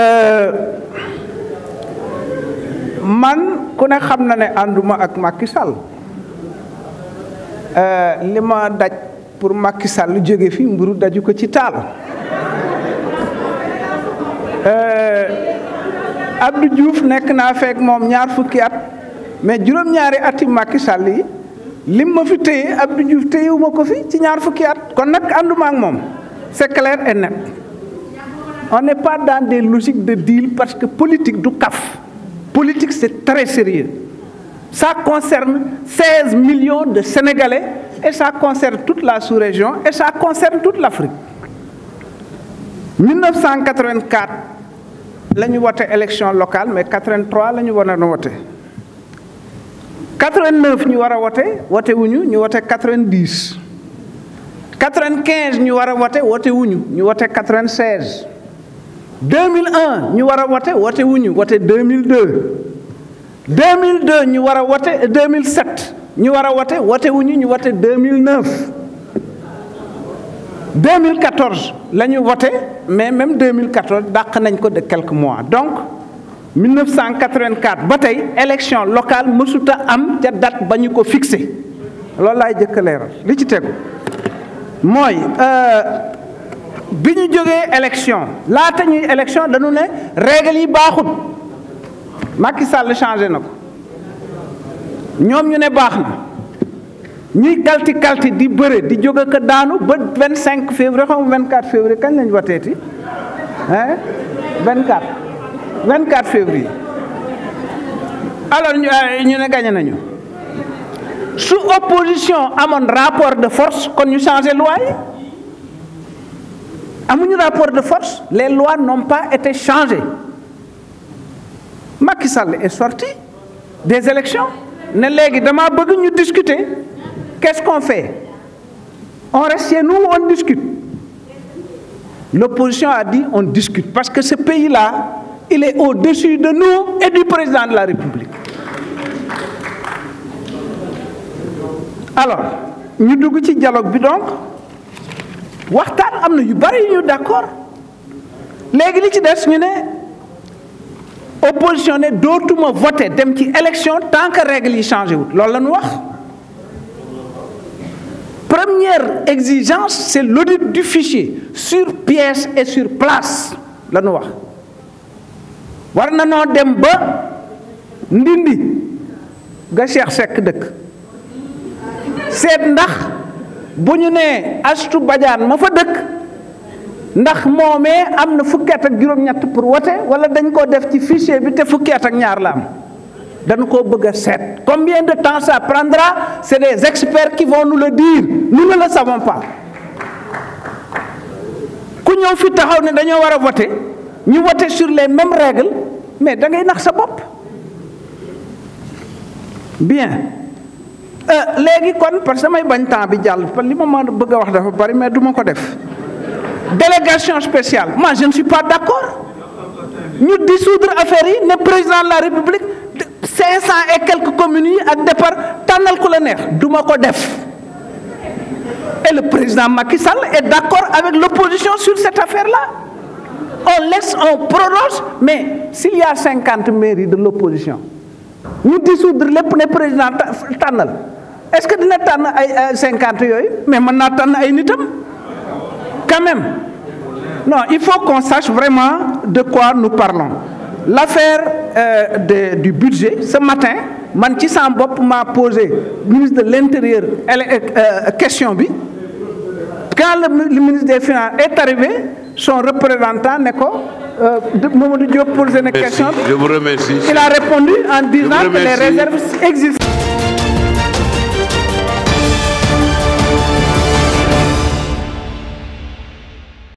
Eh, man ku ne xam na ne anduma ak Macky Sall euh lima daj pour Macky Sall joge fi mburu daju ko ci euh Abdou Diouf nek na fek mom ñaar fukki at mais ñaari ati Macky Sall yi lim ma fi teye Abdou Diouf teyewuma ko fi ci ñaar fukki at kon nak anduma ak mom c'est clair et net On n'est pas dans des logiques de deal parce que politique du CAF, politique c'est très sérieux. Ça concerne 16 millions de Sénégalais et ça concerne toute la sous-région et ça concerne toute l'Afrique. 1984, nous avons élection locale mais 83 nous nous avons 89 ñu nous a voté 90 95 ñu avons a voté nous avons ñu 96 2001 nous avons a nous wuñu voter 2002 2002 nous avons voté 2007 ñu wara a voté wuñu ñu 2009 2014 nous ñu mais même 2014 nous nañ ko de quelques mois donc 1984 batay élection locale nous am date ba ko fixé loolu lay jëk li ci biñu nous avons élection laata nous élection dañu ne règle yi baaxut Macky Sall changé na ne baax kalti kalti di bëre di daanu 25 février ou 24 février lañ hein 24 février alors euh, ñu ne gagné nañu su opposition rapport de force kon ñu changé loi mon rapport de force les lois n'ont pas été changées Macky Sall est sorti des élections ne légui dama ñu discuter qu'est-ce qu'on fait on reste chez nous ou on discute l'opposition a dit on discute parce que ce pays-là il est au-dessus de nous et du président de la République alors nous dugg ci dialogue donc waxtaan am na yu bari ñu d'accord léegi li ci des ñu ne opposition ne dootuma voté dem ci élection tant que règle yi changé wut loolu la wax première exigence c'est l'audit du fichier sur pièce et sur place la wax war na noo dem ba ndindi nga Cheikh Seck dëkk seet ndax bu ñu nee astu bajaan ma fa dëkk ndax moomee am na fukkeet ak juróom-ñett pour wote wala dañ koo def ci fichier bi te fukkeet ak ñaar la am dañ koo bëgg a seet bien de temps ça prendra c'est des expert qui vont nu la dire nous ne la savons pas ku ñëw fi taxaw ne dañoo war a voter ñu voter sur les mêmes règles mais da ngay nax sa bopp bien Euh, parce que bañ bi délégation spéciale moi je ne suis pas d'accord. Nous dissoudre l'affaire, le président de la république 500 et quelques communes à ak départ tanal ko la et le président Macky Sall est d'accord avec l'opposition sur cette affaire là on laisse on prolonge. mais s'il y a 50 mairies de l'opposition nous dissoudre les présidents président est-ce que dina tànn ay 50 yoy mais man na pas ay nitam quand même non il faut qu'on sache vraiment de quoi nous parlons l'affaire euh, du budget ce matin man ci m'a posé ministre de l'intérieur euh, euh, question bi quand le, ministre des finances est arrivé son représentant néko euh, posé une question je vous remercie il a répondu en disant que les réserves existent